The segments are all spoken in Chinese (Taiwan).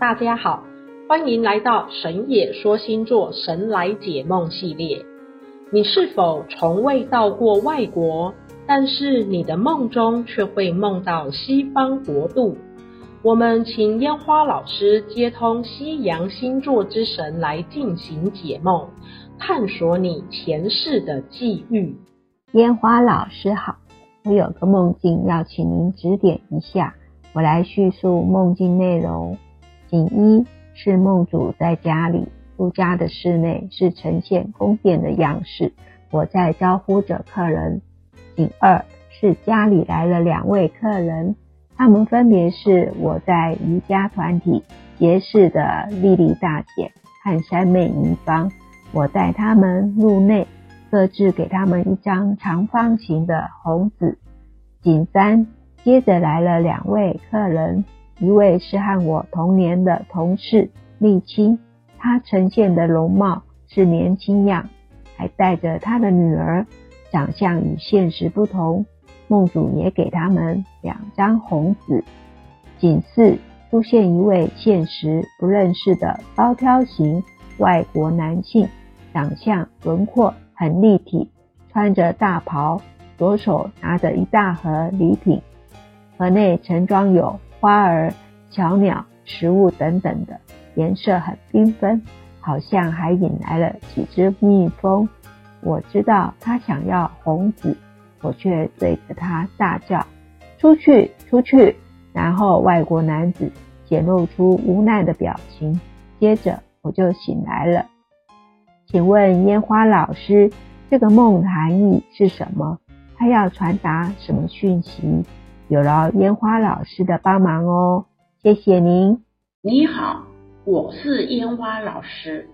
大家好，歡迎來到神野說星座神來解夢系列。你是否從未到過外國，但是你的夢中卻會夢到西方國度？我們請煙花老師接通西洋星座之神來進行解夢，探索你前世的際遇。煙花老師好，我有個夢境要請您指點一下。我來敘述夢境內容。景一是夢主在家裡，住家的室內是呈現宮殿的樣式。我在招呼着客人。景二是家裡來了兩位客人，他們分別是我在瑜伽團體結識的莉莉大姐和三妹姨芳。我帶他們入內，各自給他們一張長方形的紅紙。景三接着來了兩位客人。一位是和我同年的同事麗青，她呈現的容貌是年輕樣，還帶着她的女兒，長相與現實不同。夢主也給他們兩張紅紙。其次出現一位現實不認識的高挑型外國男性，長相輪廓很立體，穿着大袍，左手拿着一大盒禮品，盒內盛裝有。花兒、小鳥、食物等等的顏色很繽紛，好像還引來了幾隻蜜蜂。我知道他想要紅紫，我卻對着他大叫：“出去，出去！”然後外國男子顯露出無奈的表情。接着我就醒來了。請問煙花老師，這個夢的含義是什麼？他要傳達什麼訊息？有了煙花老師的幫忙哦，謝謝您。你好，我是煙花老師。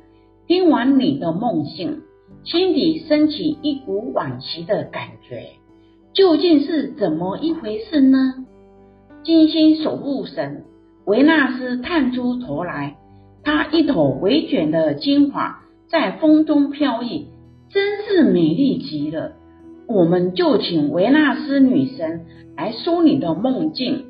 聽完你的夢境，心底升起一股惋惜的感覺，究竟是怎麼一回事呢？金星守護神維納斯探出頭來，她一頭微捲的金髮在風中飄逸，真是美麗極了。我們就請維納斯女神來梳理你的夢境。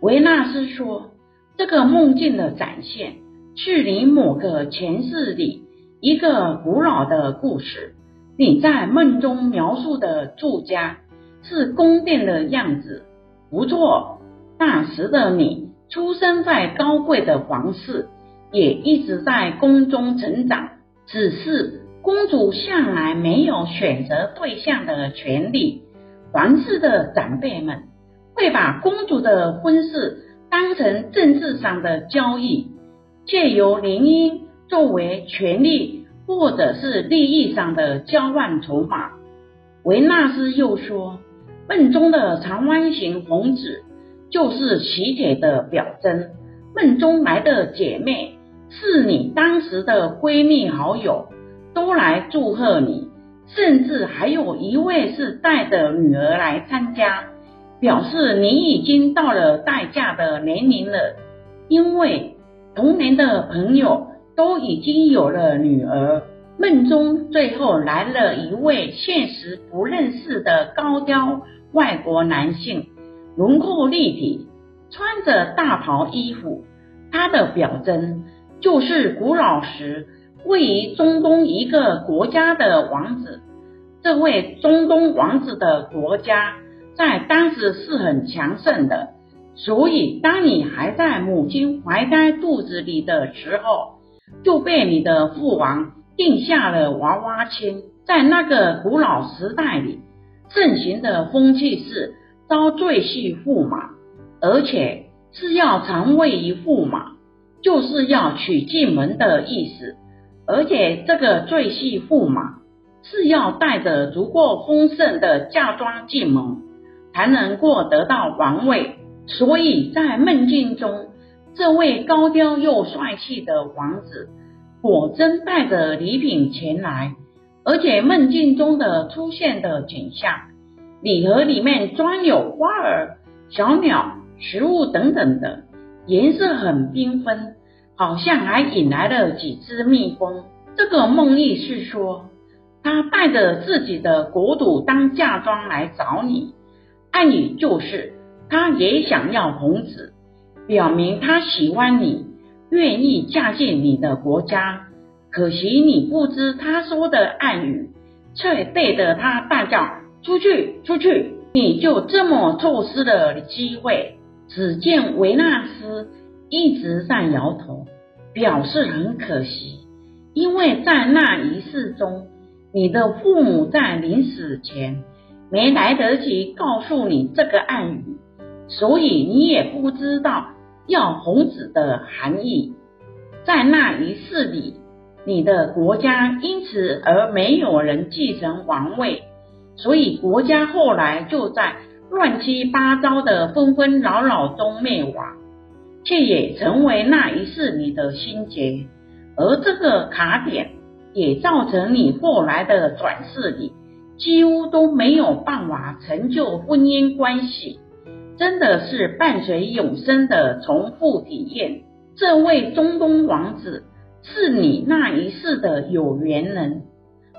維納斯說：“這個夢境的展現是你某個前世裡一個古老的故事。你在夢中描述的住家是宮殿的樣子，不錯。那時的你出生在高貴的皇室，也一直在宮中成長，只是……”公主向來沒有選擇對象的權利，皇室的長輩們會把公主的婚事當成政治上的交易，借由聯姻作為權力或者是利益上的交換籌碼。維納斯又說，夢中的長方形紅紙就是喜帖的表徵，夢中來的姐妹是你當時的閨蜜好友。都來祝賀你，甚至還有一位是帶着女兒來參加，表示你已經到了待嫁的年齡了。因為童年的朋友都已經有了女兒。夢中最後來了一位現實不認識的高挑外國男性，輪廓立體，穿着大袍衣服，他的表徵就是古老時。位於中東一個國家的王子，這位中東王子的國家在當時是很強盛的，所以當你還在母親懷胎肚子裡的時候，就被你的父王定下了娃娃親。在那個古老時代裡，盛行的風氣是招贅婿駙馬，而且是要傳位於駙馬，就是要娶進門的意思。而且這個最細駙馬是要帶着足夠豐盛的嫁妝進門，才能夠得到王位。所以在夢境中，這位高挑又帥氣的王子果真帶着禮品前來，而且夢境中的出現的景象，禮盒裡面裝有花兒、小鳥、食物等等的，顏色很繽紛。好像還引來了幾隻蜜蜂。這個夢意是說，他帶着自己的國土，當嫁妝來找你。暗語就是，他也想要紅紙，表明他喜歡你，願意嫁進你的國家。可惜你不知他說的暗語，卻對着他大叫：“出去，出去！”你就這麼錯失了機會。只見維納斯。一直在搖頭，表示很可惜，因為在那一世中，你的父母在臨死前沒來得及告訴你這個暗語，所以你也不知道“要猴子”的含義。在那一世裡，你的國家因此而沒有人繼承王位，所以國家後來就在亂七八糟的紛紛擾擾中滅亡。卻也成為那一世你的心結，而這個卡點也造成你後來的轉世裡，幾乎都沒有辦法成就婚姻關係，真的是伴隨永生的重複體驗。這位中東王子是你那一世的有緣人，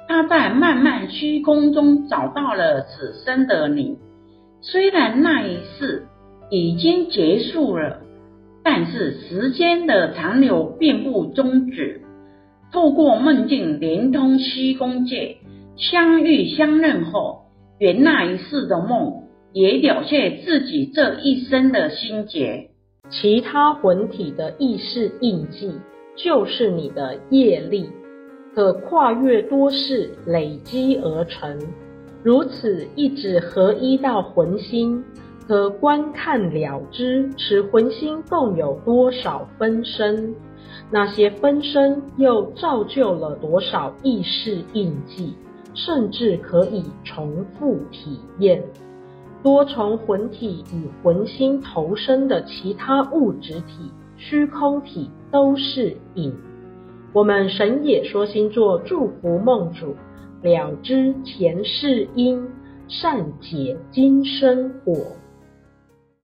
他在漫漫虛空中找到了此生的你，雖然那一世已經結束了。但是時間的長流並不終止。透過夢境連通虛空界，相遇相認後，圓那一世的夢，也了卻自己這一生的心結。其他魂體的意識印記，就是你的業力，可跨越多世累積而成。如此一直合一到魂心。可觀看了之，此魂心共有多少分身？那些分身又造就了多少意識印記？甚至可以重複體驗。多重魂體與魂心投生的其他物質體、虛空體都是影。我們神野說星座祝福夢主，了知前世因，善解今生果。